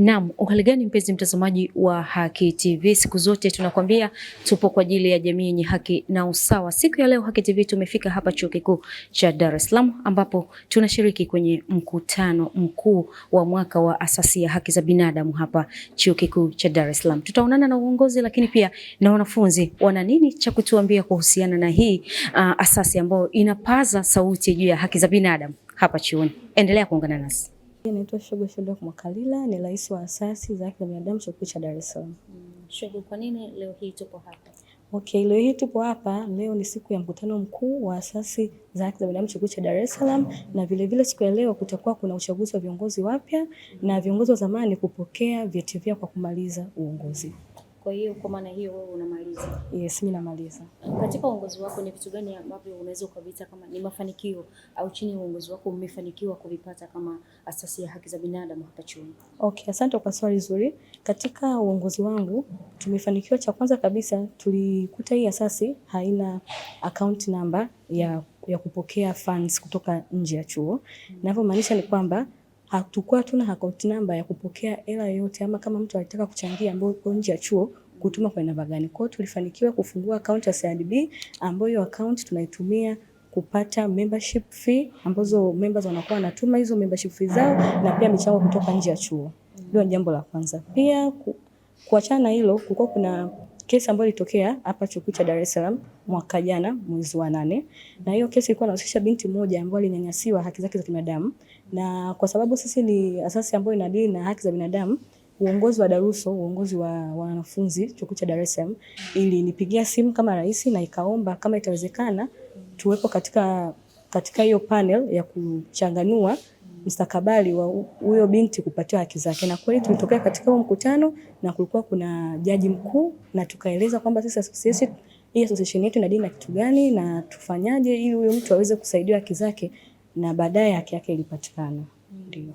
Naam, uhali gani mpenzi mtazamaji wa Haki TV, siku zote tunakwambia tupo kwa ajili ya jamii yenye haki na usawa. Siku ya leo Haki TV tumefika hapa Chuo Kikuu cha Dar es Salaam ambapo tunashiriki kwenye mkutano mkuu wa mwaka wa asasi ya haki za binadamu hapa Chuo Kikuu cha Dar es Salaam. Tutaonana na uongozi lakini pia na wanafunzi, wana nini cha kutuambia kuhusiana na hii uh, asasi ambayo inapaza sauti juu ya haki za binadamu hapa chuoni. Endelea kuungana nasi. Naitwa Shogo Shadrack Mwakalila, ni rais wa asasi za haki za binadamu chuo kikuu cha Dar es Salaam. Mm, Shogo, kwa nini leo hii tupo hapa? Okay, leo hii tupo hapa. Leo ni siku ya mkutano mkuu wa asasi za haki za binadamu chuo kikuu cha Dar es Salaam, na vilevile siku ya leo kutakuwa kuna uchaguzi wa viongozi wapya na viongozi wa zamani kupokea vyeti vyao kwa kumaliza uongozi. Kwa hiyo kwa maana hiyo wewe unamaliza? Yes, mimi namaliza. Katika uongozi wako ni vitu gani ambavyo unaweza ukaviita kama ni mafanikio au chini ya uongozi wako umefanikiwa kuvipata kama asasi ya haki za binadamu hapa chuoni? Okay, asante kwa swali zuri. Katika uongozi wangu tumefanikiwa, cha kwanza kabisa tulikuta hii asasi haina account number ya, ya kupokea funds kutoka nje ya chuo. Ninavyomaanisha ni kwamba hatukuwa tuna account number ya kupokea hela yoyote, ama kama mtu alitaka kuchangia ambayo nje ya chuo kutuma kwa namba gani. Kwa hiyo tulifanikiwa kufungua akaunti ya CRDB ambayo akaunti tunaitumia kupata membership fee ambazo members wanakuwa wanatuma hizo membership fee zao na pia michango kutoka nje ya chuo. Ndio jambo la kwanza. Pia kuachana na hilo kulikuwa kuna kesi ambayo ilitokea hapa chuo cha Dar es Salaam mwaka jana mwezi wa nane, na hiyo kesi ilikuwa inahusisha binti moja ambaye alinyanyasiwa haki zake za binadamu, na kwa sababu sisi ni asasi ambayo inadili na haki za binadamu uongozi wa Daruso, uongozi wa wanafunzi chuo cha Dar es Salaam ilinipigia simu kama rais na ikaomba kama itawezekana tuwepo katika katika hiyo panel ya kuchanganua mstakabali wa huyo binti kupatiwa haki zake, na kweli tulitokea katika huo mkutano na kulikuwa kuna jaji mkuu, na tukaeleza kwamba sisi association hii association yetu dini na kitu gani na tufanyaje ili huyo mtu aweze kusaidiwa haki zake, na baadaye haki yake ilipatikana. Ndio.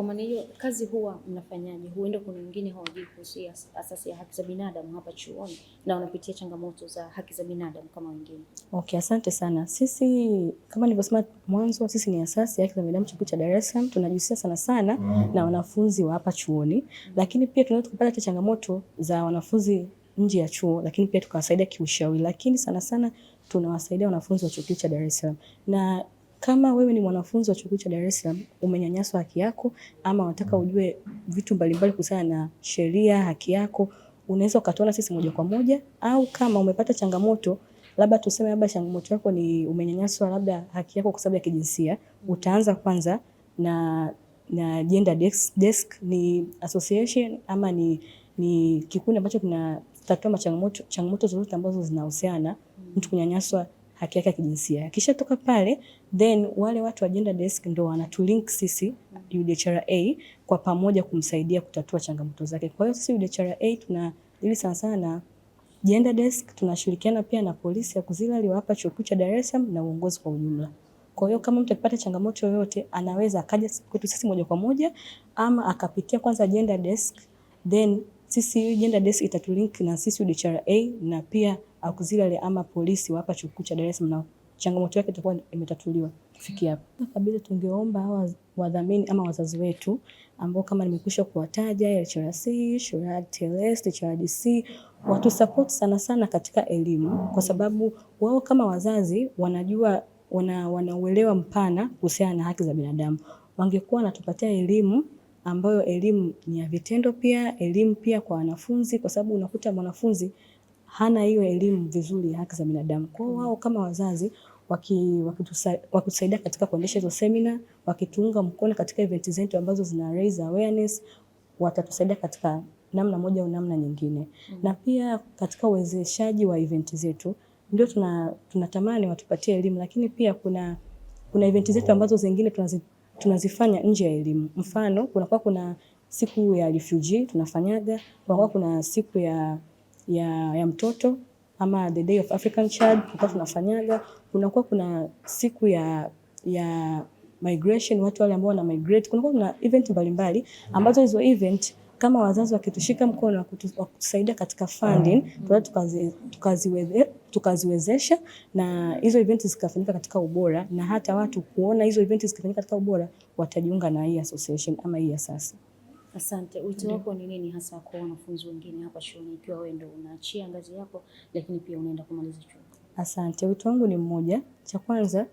Kwa maana hiyo kazi huwa mnafanyaje? Huenda kuna wengine hawajui kuhusu asasi ya haki za binadamu hapa chuoni na wanapitia changamoto za haki za binadamu kama wengine. Okay, asante sana. Sisi kama nilivyosema mwanzo, sisi ni asasi ya haki za binadamu chuo cha Dar es Salaam, tunajihusisha sana sana mm. na wanafunzi wa hapa chuoni, mm. lakini pia tunaweza kupata changamoto za wanafunzi nje ya chuo, lakini pia tukawasaidia kiushauri, lakini sana sana tunawasaidia wanafunzi wa chuo cha Dar es Salaam na kama wewe ni mwanafunzi wa chuo cha Dar es Salaam umenyanyaswa haki yako, ama unataka ujue vitu mbalimbali kuhusiana na sheria, haki yako, unaweza ukatuona sisi moja kwa moja, au kama umepata changamoto labda tuseme, labda changamoto yako ni umenyanyaswa labda haki yako kwa sababu ya kijinsia, utaanza kwanza na na Gender Desk. Desk ni association ama ni, ni kikundi ambacho kinatatua changamoto zozote ambazo zinahusiana mtu kunyanyaswa haki yake ya kijinsia. Kisha toka pale, then wale watu wa gender desk ndo wanatulink sisi UDHRA kwa pamoja kumsaidia kutatua changamoto zake. Kwa hiyo sisi UDHRA tuna ili sana sana na gender desk, tunashirikiana pia na polisi ya Kuzila aliwapa hapa chuo cha Dar es Salaam na uongozi kwa ujumla. Kwa hiyo kama mtu akipata changamoto yoyote, anaweza akaja kwetu sisi moja kwa moja ama akapitia kwanza gender desk, then sisi gender desk itatulink na sisi UDHRA na pia Auxiliary ama polisi hapa chuo kikuu cha Dar es Salaam, changamoto yake itakuwa imetatuliwa kufikia hapo. Kabisa tungeomba hawa wadhamini ama wazazi wetu ambao kama nimekwisha kuwataja TLS, SHURATLS, watu support sana sana katika elimu, kwa sababu wao kama wazazi wanajua wana, wanauelewa mpana kuhusiana na haki za binadamu. Wangekuwa wanatupatia elimu ambayo elimu ni ya vitendo, pia elimu pia kwa wanafunzi, kwa sababu unakuta mwanafunzi hana hiyo elimu vizuri ya haki za binadamu. Kwa hiyo wao kama wazazi wakitusaidia waki waki katika kuendesha hizo semina, wakituunga mkono katika event zetu ambazo zina raise awareness, watatusaidia katika namna moja au namna nyingine. Mm. Na pia katika uwezeshaji wa event zetu ndio tuna tunatamani watupatie elimu, lakini pia kuna kuna event zetu ambazo zingine tunazi, tunazifanya nje ya elimu. Mfano, kunakuwa kuna siku ya refugee tunafanyaga, kunakuwa kuna siku ya ya, ya mtoto ama the day of African child kwa tunafanyaga. Kunakuwa kuna siku ya, ya migration, watu wale ambao wana migrate. Kunakuwa kuna event mbalimbali ambazo hizo event kama wazazi wakitushika mkono kutusaidia katika funding mm. tunaweza tukazi, tukaziweze, tukaziwezesha na hizo event zikafanyika katika ubora, na hata watu kuona hizo event zikifanyika katika ubora watajiunga na hii association ama hii asasi. Asante. Wito wako ni nini hasa kwa wanafunzi wengine hapa shuleni, ikiwa wewe ndio unaachia ngazi yako, lakini pia unaenda kumaliza chuo? Asante, wito wangu ni mmoja. Cha kwanza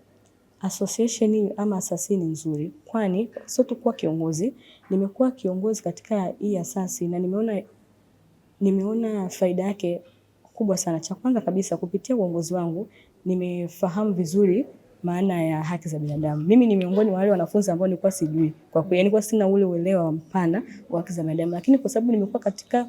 association hii ama asasi ni nzuri, kwani sio tu kuwa kiongozi. Nimekuwa kiongozi katika hii asasi na nimeona nimeona faida yake kubwa sana. Cha kwanza kabisa, kupitia uongozi wangu nimefahamu vizuri maana ya haki za binadamu. Mimi ni miongoni mwa wale wanafunzi ambao nilikuwa sijui kwa kweli, nilikuwa yaani sina ule uelewa mpana wa haki za binadamu, lakini kwa sababu nimekuwa katika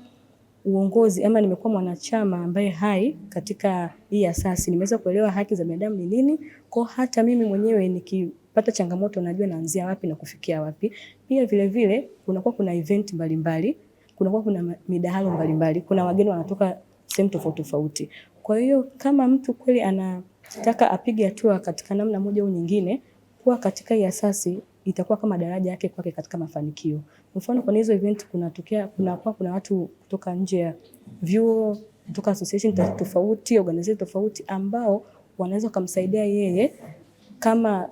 uongozi ama nimekuwa mwanachama ambaye hai katika hii asasi, nimeweza kuelewa haki za binadamu ni nini. Kwa hata mimi mwenyewe nikipata changamoto najua naanzia wapi na kufikia wapi. Pia vile vile kunakuwa kuna event mbalimbali, kunakuwa kuna midahalo mbalimbali, kuna wageni wanatoka sehemu tofauti tofauti. Kwa hiyo kama mtu kweli ana Nataka apige hatua katika namna moja au nyingine kuwa katika hii asasi itakuwa kama daraja yake kwake katika mafanikio. Mfano, kwenye hizo event kunatokea kuna kwa kuna watu kutoka nje ya vyuo, kutoka association tofauti, organization tofauti ambao wanaweza kumsaidia yeye kama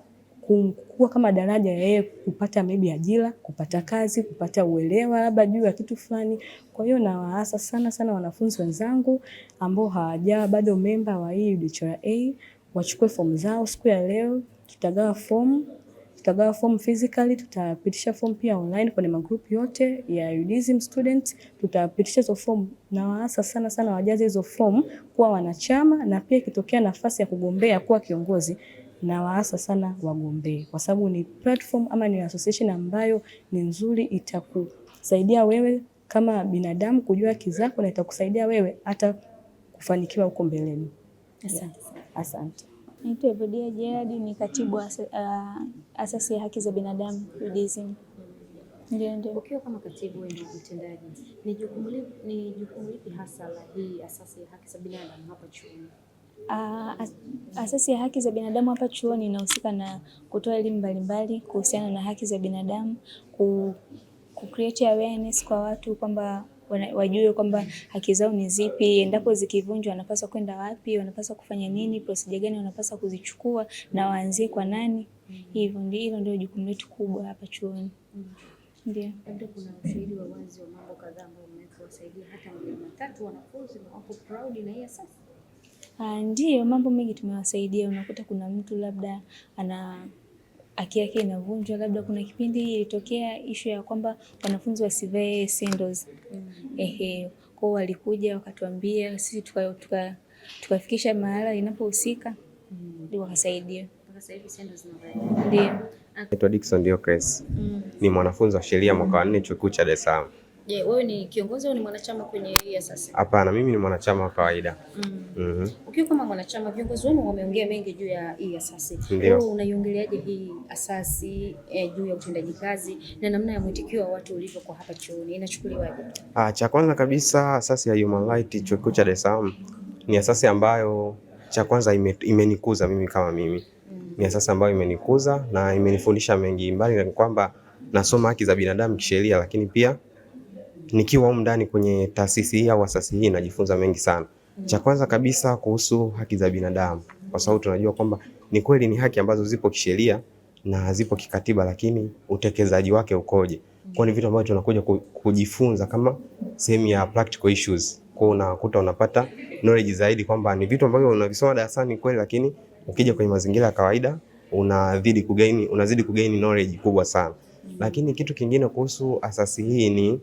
kuwa kama daraja ya yeye kupata maybe ajira, kupata kazi, kupata uelewa labda juu ya kitu fulani. Kwa hiyo nawaasa sana sana wanafunzi wenzangu ambao hawajawa bado memba wa hii A wachukue fomu zao siku ya leo. Tutagawa fomu, tutagawa fomu physically, tutapitisha fomu pia online kwenye magroup yote ya UDSM students, tutapitisha hizo fomu. Nawaasa sana sana wajaze hizo fomu kuwa wanachama, na pia ikitokea nafasi ya kugombea kuwa kiongozi na waasa sana wagombee, kwa sababu ni platform ama ni association ambayo ni nzuri, itakusaidia wewe kama binadamu kujua haki zako na itakusaidia wewe hata kufanikiwa huko mbeleni. Asante. Asante. Naitwa Evodia Gerard, ni katibu wa uh, asasi ya haki za binadamu UDSM. Ndio, ndio. Ukiwa kama katibu wa mtendaji, ni jukumu lipi hasa la hii asasi ya haki za binadamu hapa chuoni? Asasi ya haki za binadamu hapa chuoni inahusika na kutoa elimu mbalimbali kuhusiana na haki za binadamu, ku create awareness kwa watu kwamba wajue kwamba haki zao ni zipi, endapo zikivunjwa wanapaswa kwenda wapi, wanapaswa kufanya nini, procedure gani wanapaswa kuzichukua na waanzie kwa nani. Hivyo ndio, hilo ndio jukumu letu kubwa hapa chuoni. Ndio. Ah, ndiyo, mambo mengi tumewasaidia. Unakuta kuna mtu labda ana haki yake inavunjwa, labda kuna kipindi ilitokea ishu ya kwamba wanafunzi wasivae sandals. Mm-hmm. Ehe, kwao walikuja wakatuambia, sisi tukafikisha mahala inapohusika, mm-hmm. ndio wakasaidia. Ah. Naitwa Dickson Diocres, mm. ni mwanafunzi wa sheria mwaka wa nne chuo kikuu cha Dar es Salaam. Je, wewe ni kiongozi au ni mwanachama kwenye hii sasa? Hapana, mimi ni mwanachama wa kawaida. mm. mm -hmm. Ukiwa kama mwanachama, viongozi wenu wameongea mengi juu ya hii asasi. Wewe unaiongeleaje hii asasi eh, juu ya utendaji kazi na namna ya mwitikio wa watu ulivyo kwa hapa chuoni inachukuliwaje? Ah, cha kwanza kabisa asasi ya Human Rights Chuo Kikuu cha Dar es Salaam ni asasi ambayo cha kwanza ime, imenikuza mimi kama mimi mm. ni asasi ambayo imenikuza na imenifundisha mengi, mbali na kwamba nasoma haki za binadamu kisheria, lakini pia nikiwa huko ndani kwenye taasisi hii au asasi hii najifunza mengi sana. Mm-hmm. Cha kwanza kabisa kuhusu haki za binadamu, kwa sababu tunajua kwamba ni kweli ni haki ambazo zipo kisheria na zipo kikatiba, lakini utekelezaji wake ukoje? Kwa ni vitu ambavyo tunakuja kujifunza kama sehemu ya practical issues. Kwa unakuta unapata knowledge zaidi kwamba ni vitu ambavyo unavisoma darasani kweli, lakini ukija kwenye mazingira ya kawaida unazidi kugaini, unazidi kugaini knowledge kubwa sana. Mm-hmm. Lakini kitu kingine kuhusu asasi hii ni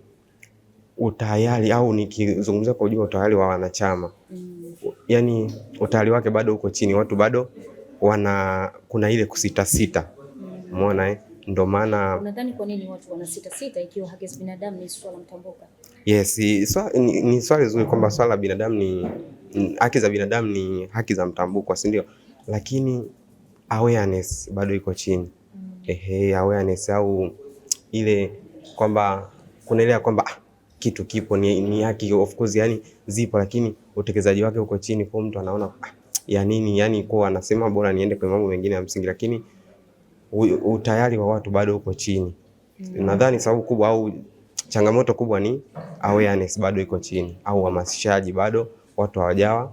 utayari au nikizungumza kwa ujumla utayari wa wanachama mm. Yani utayari wake bado uko chini, watu bado wana kuna ile kusitasita, umeona mm. Eh, ndo maana unadhani kwa nini watu wanasitasita ikiwa haki za binadamu ni swala mtambuka? Yes, ni ni swali zuri kwamba swala binadamu ni haki za binadamu ni haki za mtambuka, si ndio? Lakini awareness bado iko chini mm. Ehe, awareness au ile kwamba kuna ile ya kwamba ah, kitu kipo ni, ni haki of course, yani zipo, lakini utekelezaji wake uko chini, kwa mtu anaona ah, ya nini yani, kwa anasema bora niende kwenye mambo mengine ya msingi, lakini utayari wa watu bado uko chini mm. Nadhani sababu kubwa au changamoto kubwa ni awareness bado iko chini, au hamasishaji bado watu hawajawa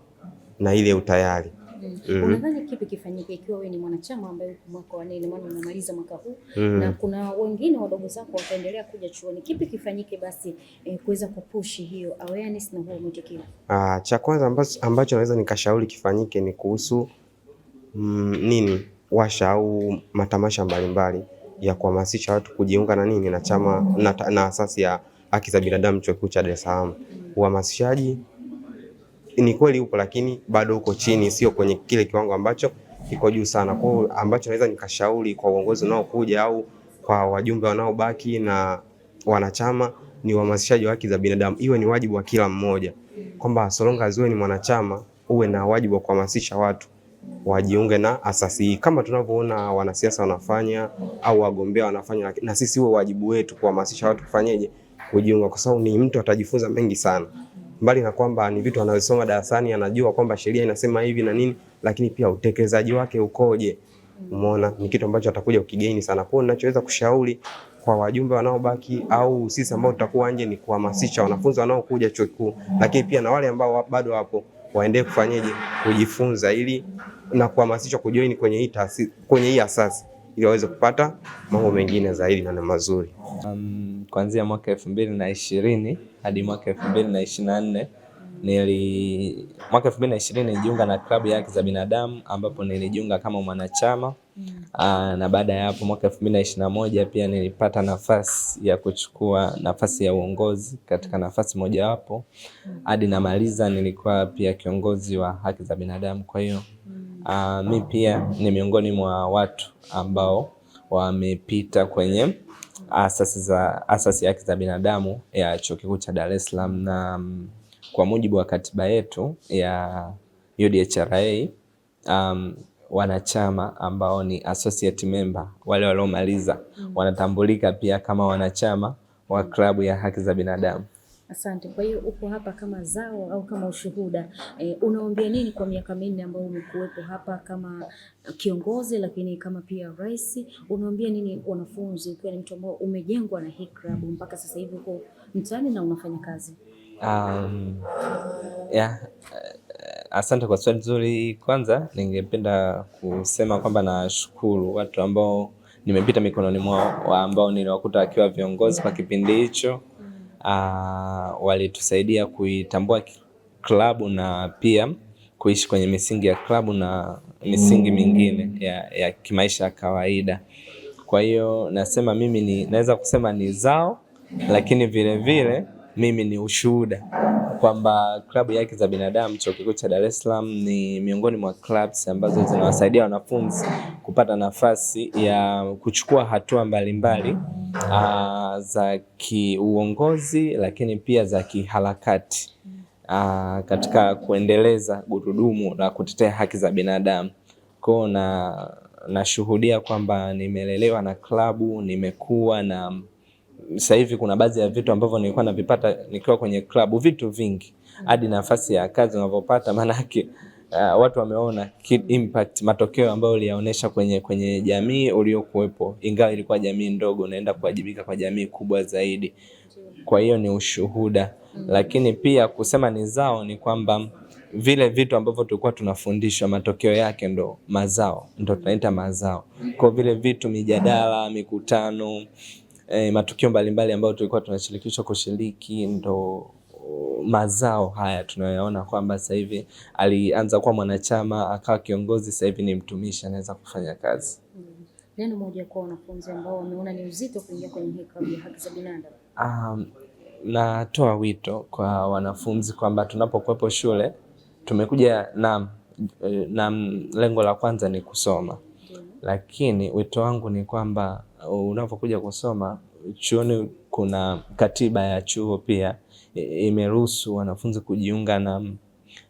na ile utayari. Mm. Eh. Mm. Unadhani kipi kifanyike ikiwa wewe ni mwanachama ambaye uko mwaka wa nne, maana unamaliza mwaka huu mm. -hmm. na kuna wengine wadogo zako wataendelea kuja chuoni, kipi kifanyike basi eh, kuweza kupushi hiyo awareness na huo mwitikio? Ah, cha kwanza ambacho naweza nikashauri kifanyike ni kuhusu mm, nini washa au matamasha mbalimbali ya kuhamasisha watu kujiunga na nini na chama na, na asasi ya haki za binadamu chuo kikuu cha Dar es Salaam. Uhamasishaji ni kweli upo, lakini bado uko chini, sio kwenye kile kiwango ambacho kiko juu sana. Kwa hiyo ambacho naweza nikashauri kwa uongozi unaokuja au kwa wajumbe wanaobaki na wanachama ni uhamasishaji wa haki za binadamu, iwe ni wajibu wa kila mmoja, kwamba solonga ziwe ni mwanachama, uwe na wajibu wa kuhamasisha watu wajiunge na asasi hii, kama tunavyoona wanasiasa wanafanya au wagombea wanafanya, na sisi uwe wajibu wetu kuhamasisha watu kufanyeje, kujiunga, kwa sababu ni mtu atajifunza mengi sana mbali na kwamba ni vitu anayosoma darasani, anajua kwamba sheria inasema hivi na nini, lakini pia utekelezaji wake ukoje? Umeona, ni kitu ambacho atakuja ukigeni sana. Kwa hiyo ninachoweza kushauri kwa wajumbe wanaobaki au sisi ambao tutakuwa nje ni kuhamasisha wanafunzi wanaokuja chuo kikuu, lakini pia na wale ambao bado wapo waendelee kufanyaje, kujifunza ili na kuhamasishwa kujoin kwenye hii taasisi, kwenye hii asasi ili waweze kupata mambo mengine zaidi na mazuri. Um, kuanzia mwaka elfu mbili na ishirini hadi mwaka elfu mbili na ishirini na nne nili mwaka elfu mbili na ishirini nilijiunga na klabu ya haki za binadamu ambapo nilijiunga kama mwanachama mm. aa, ah, na baada ya hapo mwaka elfu mbili na ishirini na moja pia nilipata nafasi ya kuchukua nafasi ya uongozi katika nafasi mojawapo mm. hadi namaliza, nilikuwa pia kiongozi wa haki za binadamu. Kwa hiyo mm. Uh, mi pia ni miongoni mwa watu ambao wamepita kwenye asasi za asasi ya haki za binadamu ya Chuo Kikuu cha Dar es Salaam, na mm, kwa mujibu wa katiba yetu ya UDHRA um, mm, wanachama ambao ni associate member wale waliomaliza mm. wanatambulika pia kama wanachama wa klabu ya haki za binadamu. Asante. Kwa hiyo upo hapa kama zao au kama ushuhuda e, unaombea nini kwa miaka minne ambayo umekuwepo hapa kama kiongozi, lakini kama pia rais, unaombea nini wanafunzi, ukiwa ni mtu ambao umejengwa na hii klabu mpaka sasa hivi uko mtaani na unafanya kazi? Um, yeah. Asante kwa swali zuri. Kwanza ningependa kusema kwamba nashukuru watu ambao nimepita mikononi mwao ambao niliwakuta akiwa viongozi kwa kipindi hicho uh, walitusaidia kuitambua klabu na pia kuishi kwenye misingi ya klabu na misingi mingine ya, ya kimaisha ya kawaida. Kwa hiyo nasema mimi ni naweza kusema ni zao, lakini vilevile mimi ni ushuhuda kwamba klabu ya haki za binadamu Chuo Kikuu cha Dar es Salaam ni miongoni mwa clubs ambazo zinawasaidia wanafunzi kupata nafasi ya kuchukua hatua mbalimbali mbali, ah, za kiuongozi lakini pia za kiharakati ah, katika kuendeleza gurudumu la kutetea haki za binadamu kwao na nashuhudia kwamba nimelelewa na klabu, nimekuwa na sasa hivi kuna baadhi ya vitu ambavyo nilikuwa navipata nikiwa kwenye klabu, vitu vingi hadi nafasi ya kazi unavyopata, maanake uh, watu wameona impact, matokeo ambayo uliyaonesha kwenye, kwenye jamii uliokuwepo, ingawa ilikuwa jamii ndogo, unaenda kuwajibika kwa jamii kubwa zaidi. Kwa hiyo ni ushuhuda, lakini pia kusema ni zao ni kwamba vile vitu ambavyo tulikuwa tunafundishwa matokeo yake ndo mazao, ndo tunaita mazao. Kwa vile vitu, mijadala, mikutano eh, matukio mbalimbali ambayo tulikuwa tunashirikishwa kushiriki ndo uh, mazao haya tunayoona kwamba sasa hivi alianza kuwa mwanachama akawa kiongozi, sasa hivi ni mtumishi anaweza kufanya kazi. Mm-hmm. Neno moja kwa wanafunzi ambao wameona ni uzito kuingia kwenye hekalu ya haki za binadamu. Um, natoa wito kwa wanafunzi kwamba tunapokuwepo shule tumekuja na, eh, na lengo la kwanza ni kusoma, mm-hmm. Lakini wito wangu ni kwamba unapokuja kusoma chuoni, kuna katiba ya chuo pia e, imeruhusu wanafunzi kujiunga na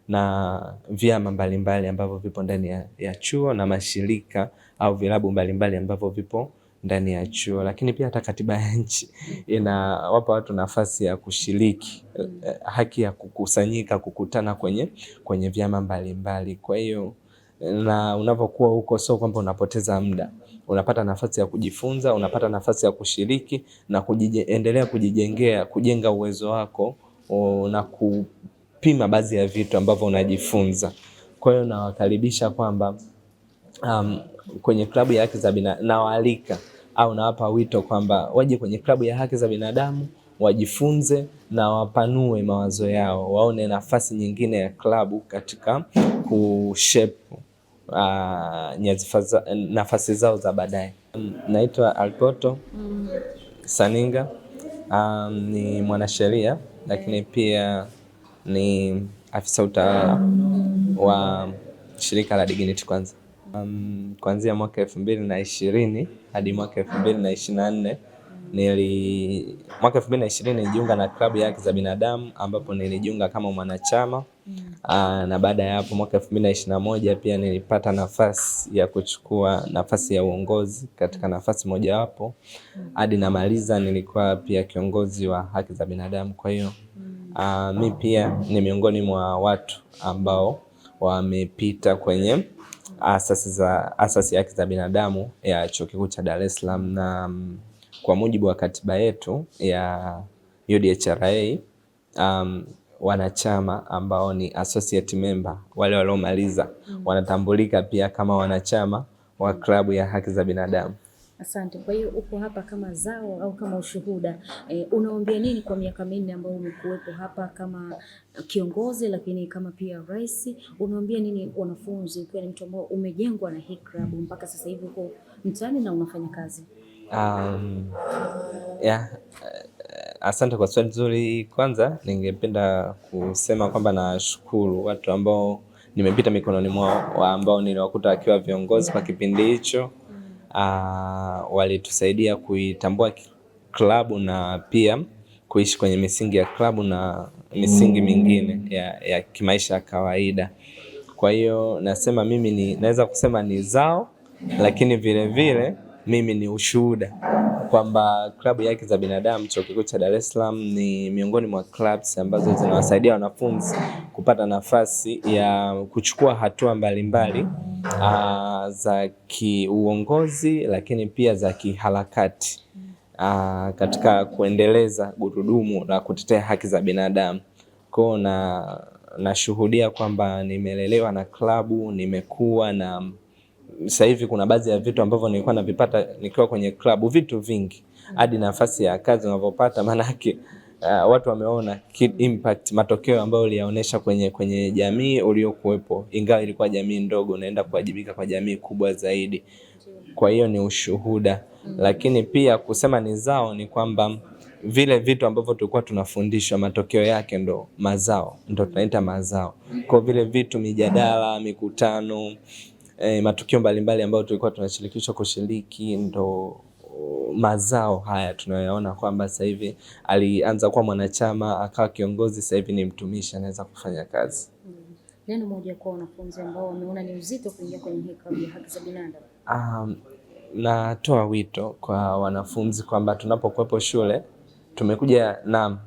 na vyama mbalimbali ambavyo vipo ndani ya, ya chuo na mashirika au vilabu mbalimbali ambavyo vipo ndani ya chuo, lakini pia hata katiba ya nchi inawapa watu nafasi ya kushiriki, e, haki ya kukusanyika, kukutana kwenye kwenye vyama mbalimbali. Kwa hiyo na unapokuwa huko, sio kwamba unapoteza muda unapata nafasi ya kujifunza, unapata nafasi ya kushiriki na kujiendelea kujijengea, kujenga uwezo wako na kupima baadhi ya vitu ambavyo unajifunza. Kwa hiyo nawakaribisha kwamba um, kwenye klabu ya haki za binadamu nawaalika au nawapa wito kwamba waje kwenye klabu ya haki za binadamu wajifunze na wapanue mawazo yao, waone nafasi nyingine ya klabu katika kushepu uh, nafasi zao za baadaye. Naitwa Alpoto Saninga um, ni mwanasheria lakini pia ni afisa utawala wa shirika la Dignity Kwanza um, kuanzia mwaka elfu mbili na ishirini hadi mwaka elfu mbili na ishirini na nne nili mwaka 2020 nilijiunga na klabu ya haki za binadamu ambapo nilijiunga kama mwanachama mm. Aa, ah, na baada ya hapo mwaka 2021 pia nilipata nafasi ya kuchukua nafasi ya uongozi katika nafasi mojawapo mm. hadi mm. namaliza, nilikuwa pia kiongozi wa haki za binadamu. Kwa hiyo mm. Ah, mi pia ni miongoni mwa watu ambao wamepita kwenye asasi za asasi haki za binadamu ya Chuo Kikuu cha Dar es Salaam na mm, kwa mujibu wa katiba yetu ya UDHRA um, wanachama ambao ni associate member wale waliomaliza mm. wanatambulika pia kama wanachama wa klabu mm. ya haki za binadamu. Asante. Kwa hiyo uko hapa kama zao au kama ushuhuda e, eh, unaombea nini kwa miaka minne ambayo umekuwepo hapa kama kiongozi, lakini kama pia rais, unaombea nini wanafunzi, ukiwa ni mtu ambao umejengwa na hii klabu mpaka sasa hivi uko mtaani na unafanya kazi? Um, yeah. Asante kwa swali zuri. Kwanza ningependa kusema kwamba nashukuru watu ambao nimepita mikononi mwao ambao niliwakuta wakiwa viongozi kwa kipindi hicho. Uh, walitusaidia kuitambua klabu na pia kuishi kwenye misingi ya klabu na misingi mingine ya, ya kimaisha ya kawaida. Kwa hiyo nasema mimi ni, naweza kusema ni zao, lakini vilevile mimi ni ushuhuda kwamba klabu ya haki za binadamu chuo kikuu cha Dar es Salaam ni miongoni mwa clubs ambazo zinawasaidia wanafunzi kupata nafasi ya kuchukua hatua mbalimbali mbali, ah, za kiuongozi lakini pia za kiharakati ah, katika kuendeleza gurudumu la kutetea haki za binadamu kwao na nashuhudia kwamba nimelelewa na klabu, nimekuwa na sasa hivi kuna baadhi ya vitu ambavyo nilikuwa navipata nikiwa kwenye klabu, vitu vingi hadi nafasi ya kazi unavyopata, maanake uh, watu wameona impact, matokeo ambayo uliyaonesha kwenye, kwenye jamii uliokuwepo, ingawa ilikuwa jamii ndogo, unaenda kuwajibika kwa jamii kubwa zaidi. Kwa hiyo ni ushuhuda, lakini pia kusema ni zao ni kwamba vile vitu ambavyo tulikuwa tunafundishwa matokeo yake ndo mazao, ndo tunaita mazao. Kwa vile vitu, mijadala, mikutano eh, matukio mbalimbali ambayo tulikuwa tunashirikishwa kushiriki ndo uh, mazao haya tunayoona kwamba sasa hivi alianza kuwa mwanachama akawa kiongozi, sasa hivi ni mtumishi anaweza kufanya kazi. Mm. Neno moja kwa wanafunzi ambao wameona ni uzito kuingia kwenye hekalu ya haki za binadamu. Um, natoa wito kwa wanafunzi kwamba tunapokuwepo shule tumekuja na,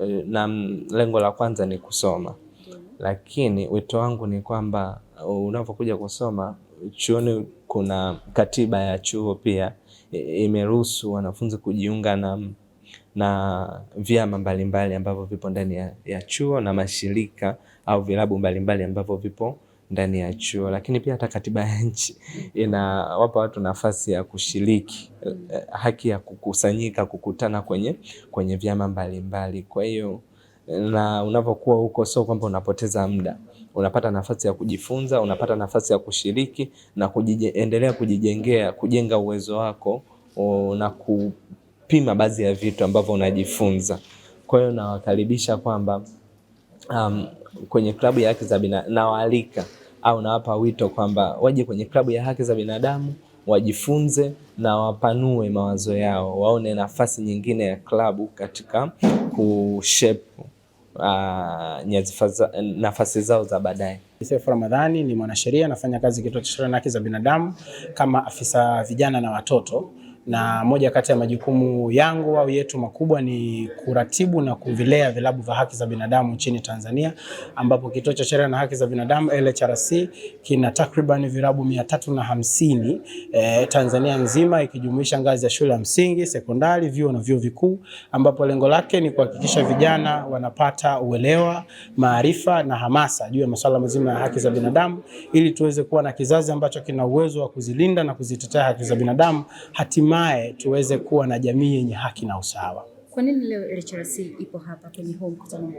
eh, na lengo la kwanza ni kusoma. Mm. Lakini wito wangu ni kwamba unapokuja kusoma chuoni, kuna katiba ya chuo pia e, imeruhusu wanafunzi kujiunga na na vyama mbalimbali ambavyo vipo ndani ya, ya chuo na mashirika au vilabu mbalimbali ambavyo vipo ndani ya chuo, lakini pia hata katiba ya nchi inawapa watu nafasi ya kushiriki, e, haki ya kukusanyika, kukutana kwenye kwenye vyama mbalimbali. Kwa hiyo na unapokuwa huko, sio kwamba unapoteza muda unapata nafasi ya kujifunza, unapata nafasi ya kushiriki na kuendelea kujijengea, kujenga uwezo wako na kupima baadhi ya vitu ambavyo unajifunza. Kwa hiyo nawakaribisha kwamba um, kwenye klabu ya haki za binadamu nawaalika au nawapa wito kwamba waje kwenye klabu ya haki za binadamu wajifunze na wapanue mawazo yao, waone nafasi nyingine ya klabu katika kushepu uh, nafasi zao za baadaye. Seif Ramadhani ni mwanasheria, anafanya kazi kituo cha sheria na haki za binadamu kama afisa vijana na watoto na moja kati ya majukumu yangu au yetu makubwa ni kuratibu na kuvilea vilabu vya haki za binadamu nchini Tanzania, ambapo kituo cha sheria na haki za binadamu LHRC kina takriban vilabu mia tatu na hamsini eh, Tanzania nzima ikijumuisha ngazi ya shule ya msingi, sekondari, vyuo na vyuo vikuu, ambapo lengo lake ni kuhakikisha vijana wanapata uelewa, maarifa na hamasa juu ya masuala mazima ya haki za binadamu ili tuweze kuwa na kizazi ambacho kina uwezo wa kuzilinda na kuzitetea haki za binadamu hatima hatimaye tuweze kuwa na jamii yenye haki na usawa. Kwa nini leo LHRC ipo hapa kwenye huu mkutano?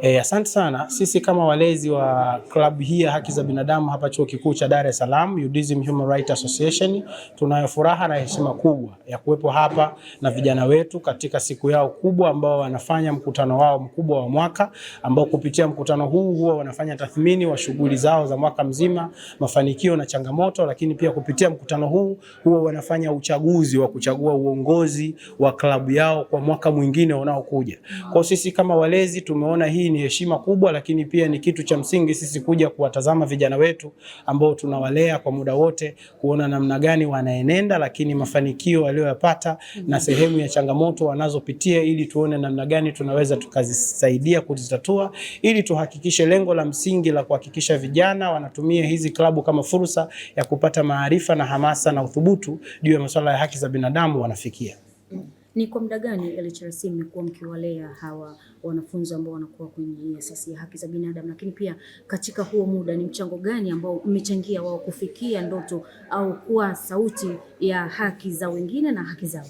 Eh, asante sana. Sisi kama walezi wa klabu hii ya haki za binadamu hapa Chuo Kikuu cha Dar es Salaam, UDSM Human Rights Association, tunayo furaha na heshima kubwa ya kuwepo hapa na vijana wetu katika siku yao kubwa ambao wanafanya mkutano wao mkubwa wa mwaka ambao kupitia mkutano huu huwa wanafanya tathmini wa shughuli zao za mwaka mzima, mafanikio na changamoto, lakini pia kupitia mkutano huu huwa wanafanya uchaguzi wa kuchagua uongozi wa klabu yao kwa mwaka mwingine unaokuja. Kwa sisi kama walezi tumeona hii ni heshima kubwa, lakini pia ni kitu cha msingi sisi kuja kuwatazama vijana wetu ambao tunawalea kwa muda wote, kuona namna gani wanaenenda, lakini mafanikio walioyapata na sehemu ya changamoto wanazopitia, ili tuone namna gani tunaweza tukazisaidia kuzitatua, ili tuhakikishe lengo la msingi la kuhakikisha vijana wanatumia hizi klabu kama fursa ya kupata maarifa na hamasa na uthubutu juu ya masuala ya haki za binadamu wanafikia. Ni kwa muda gani LHRC mmekuwa mkiwalea hawa wanafunzi ambao wanakuwa kwenye asasi ya haki za binadamu, lakini pia katika huo muda ni mchango gani ambao mmechangia wao kufikia ndoto au kuwa sauti ya haki za wengine na haki zao?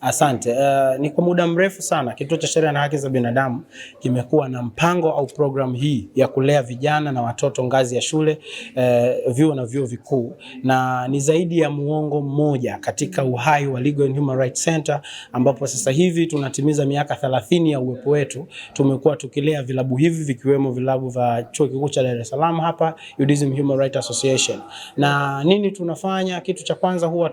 Asante. Uh, ni kwa muda mrefu sana Kituo cha Sheria na Haki za Binadamu kimekuwa na mpango au programu hii ya kulea vijana na watoto ngazi ya shule, uh, vyuo na vyuo vikuu, na ni zaidi ya muongo mmoja katika uhai wa Legal and Human Rights Center, ambapo sasa hivi tunatimiza miaka 30 ya uwepo wetu. Tumekuwa tukilea vilabu hivi vikiwemo vilabu vya Chuo Kikuu cha Dar es Salaam hapa Judaism Human Rights Association. Na nini tunafanya? Kitu cha kwanza huwa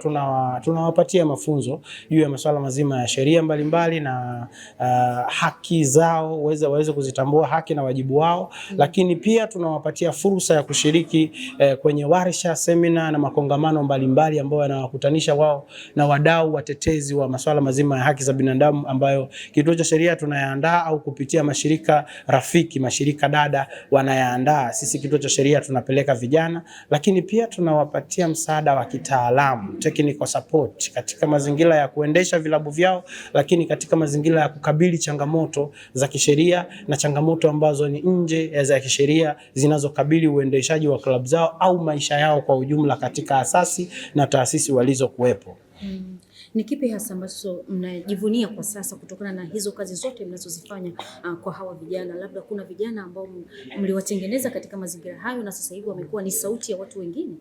tunawapatia tuna mafunzo juu ya masuala masuala mazima ya sheria mbalimbali na uh, haki zao waweze waweze kuzitambua haki na wajibu wao mm. Lakini pia tunawapatia fursa ya kushiriki eh, kwenye warsha, semina na makongamano mbalimbali ambayo yanawakutanisha wao na wadau watetezi wa masuala mazima ya haki za binadamu ambayo Kituo cha Sheria tunayaandaa au kupitia mashirika rafiki, mashirika dada wanayaandaa. Sisi Kituo cha Sheria tunapeleka vijana, lakini pia tunawapatia msaada wa kitaalamu technical support katika mazingira ya kuendesha vilabu vyao, lakini katika mazingira ya kukabili changamoto za kisheria na changamoto ambazo ni nje za kisheria zinazokabili uendeshaji wa klabu zao au maisha yao kwa ujumla katika asasi na taasisi walizokuwepo. Hmm. Ni kipi hasa ambacho mnajivunia kwa sasa kutokana na hizo kazi zote mnazozifanya uh, kwa hawa vijana? Labda kuna vijana ambao mliwatengeneza katika mazingira hayo na sasa hivi wamekuwa ni sauti ya watu wengine.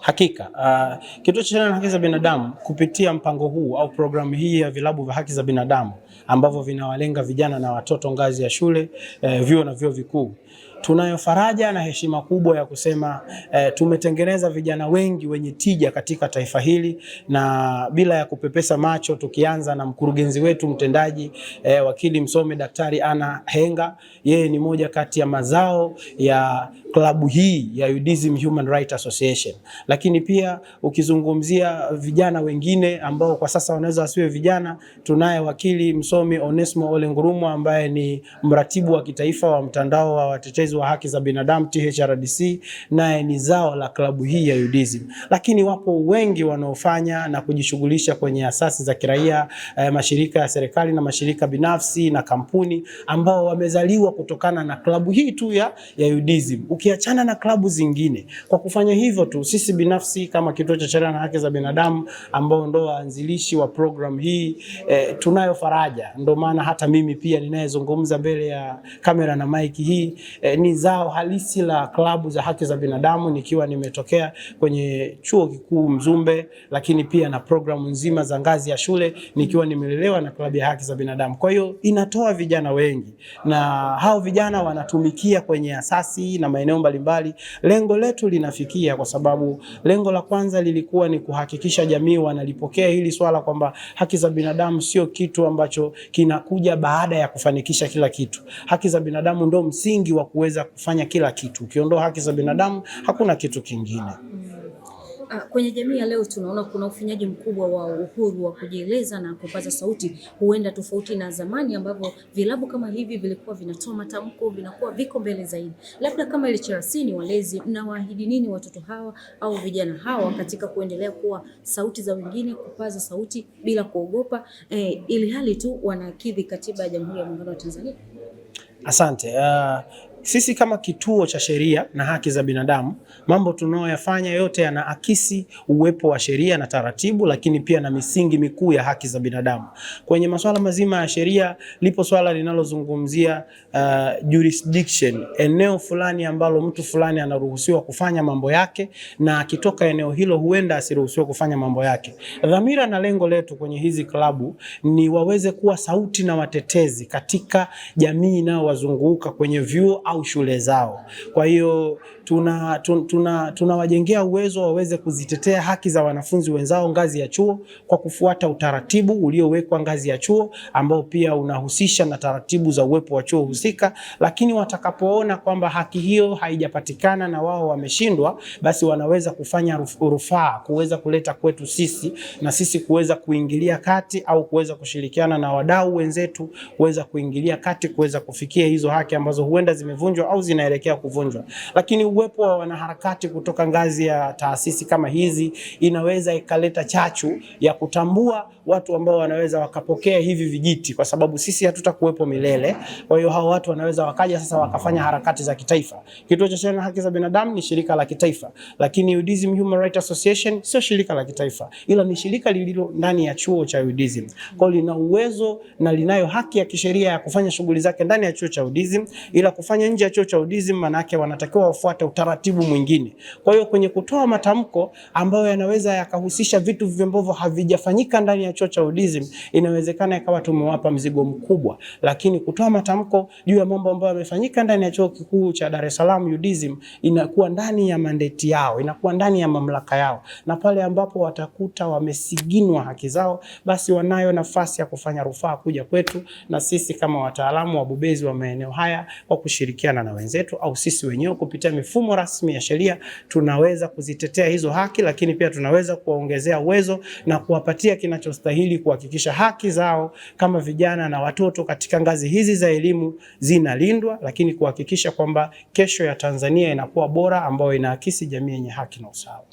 Hakika uh, Kituo cha na Haki za Binadamu kupitia mpango huu au programu hii ya vilabu vya haki za binadamu ambavyo vinawalenga vijana na watoto ngazi ya shule eh, vyuo na vyuo vikuu tunayo faraja na heshima kubwa ya kusema eh, tumetengeneza vijana wengi wenye tija katika taifa hili, na bila ya kupepesa macho, tukianza na mkurugenzi wetu mtendaji eh, wakili msomi Daktari Anna Henga, yeye ni moja kati ya mazao ya klabu hii ya Judaism Human Rights Association. Lakini pia ukizungumzia vijana wengine ambao kwa sasa wanaweza wasiwe vijana, tunaye wakili msomi Onesmo Ole ambaye ni mratibu wa kitaifa wa mtandao wa watetezi mtetezi wa haki za binadamu THRDC, naye ni zao la klabu hii ya UDSM. Lakini wapo wengi wanaofanya na kujishughulisha kwenye asasi za kiraia eh, mashirika ya serikali na mashirika binafsi na kampuni ambao wamezaliwa kutokana na klabu hii tu ya, ya UDSM, ukiachana na klabu zingine. Kwa kufanya hivyo tu sisi binafsi kama kituo cha sheria na haki za binadamu ambao ndo waanzilishi wa program hii eh, tunayo faraja, ndio maana hata mimi pia ninayezungumza mbele ya kamera na maiki hii eh, ni zao halisi la klabu za haki za binadamu, nikiwa nimetokea kwenye chuo kikuu Mzumbe, lakini pia na programu nzima za ngazi ya shule, nikiwa nimelelewa na klabu ya haki za binadamu. Kwa hiyo inatoa vijana wengi, na hao vijana wanatumikia kwenye asasi na maeneo mbalimbali. Lengo letu linafikia, kwa sababu lengo la kwanza lilikuwa ni kuhakikisha jamii wanalipokea hili swala kwamba haki za binadamu sio kitu ambacho kinakuja baada ya kufanikisha kila kitu. Haki za binadamu ndio msingi wa kuweza kuweza kufanya kila kitu. Ukiondoa haki za binadamu, hakuna kitu kingine. Ah, kwenye jamii ya leo tunaona kuna ufinyaji mkubwa wa uhuru wa kujieleza na kupaza sauti, huenda tofauti na zamani ambavyo vilabu kama hivi vilikuwa vinatoa matamko, vinakuwa viko mbele zaidi. Labda kama ile TRC, ni walezi, mnawaahidi nini watoto hawa au vijana hawa katika kuendelea kuwa sauti za wengine, kupaza sauti bila kuogopa, eh, ili hali tu wanakidhi katiba ya Jamhuri ya Muungano wa Tanzania? Asante. Uh, sisi kama kituo cha sheria na haki za binadamu, mambo tunayoyafanya yote yanaakisi uwepo wa sheria na taratibu, lakini pia na misingi mikuu ya haki za binadamu. Kwenye masuala mazima ya sheria, lipo swala linalozungumzia uh, jurisdiction, eneo fulani ambalo mtu fulani anaruhusiwa kufanya mambo yake, na akitoka eneo hilo huenda asiruhusiwa kufanya mambo yake. Dhamira na lengo letu kwenye hizi klabu ni waweze kuwa sauti na watetezi katika jamii inayowazunguka kwenye vyuo au shule zao. Kwa hiyo tunawajengea tuna, tuna, tuna uwezo waweze kuzitetea haki za wanafunzi wenzao ngazi ya chuo kwa kufuata utaratibu uliowekwa ngazi ya chuo ambao pia unahusisha na taratibu za uwepo wa chuo husika. Lakini watakapoona kwamba haki hiyo haijapatikana na wao wameshindwa, basi wanaweza kufanya rufaa kuweza kuleta kwetu sisi na sisi kuweza kuingilia kati au kuweza kushirikiana na wadau wenzetu kuweza kuingilia kati kuweza kufikia hizo haki ambazo huenda zimevunjwa au zinaelekea kuvunjwa lakini uwepo wa wanaharakati kutoka ngazi ya taasisi kama hizi inaweza ikaleta chachu ya kutambua watu ambao wanaweza wakapokea hivi vijiti, kwa sababu sisi hatutakuwepo milele. Kwa hiyo hao watu wanaweza wakaja sasa wakafanya harakati za kitaifa. Kituo cha Sheria na Haki za Binadamu ni shirika la kitaifa, lakini Judaism Human Rights Association sio shirika la kitaifa, ila ni shirika lililo ndani ya chuo cha Judaism. Kwa hiyo lina uwezo na linayo haki ya kisheria ya kufanya shughuli zake ndani ya chuo cha Judaism, ila kufanya nje ya chuo cha Judaism manake wanatakiwa wafuate utaratibu mwingine. Kwa hiyo kwenye kutoa matamko ambayo yanaweza yakahusisha vitu ambavyo havijafanyika ndani ya chuo cha UDSM, inawezekana ikawa tumewapa mzigo mkubwa, lakini kutoa matamko juu ya mambo ambayo yamefanyika ndani ya chuo kikuu cha Dar es Salaam UDSM inakuwa ndani ya mandeti yao, inakuwa ndani ya mamlaka yao, na pale ambapo watakuta wamesiginwa haki zao, basi wanayo nafasi ya kufanya rufaa kuja kwetu, na sisi kama wataalamu wabobezi wa maeneo haya kwa kushirikiana na wenzetu au sisi wenyewe kupitia mifumo rasmi ya sheria, tunaweza kuzitetea hizo haki, lakini pia tunaweza kuwaongezea uwezo na kuwapatia kinachostahili kuhakikisha haki zao kama vijana na watoto katika ngazi hizi za elimu zinalindwa, lakini kuhakikisha kwamba kesho ya Tanzania inakuwa bora ambayo inaakisi jamii yenye haki na usawa.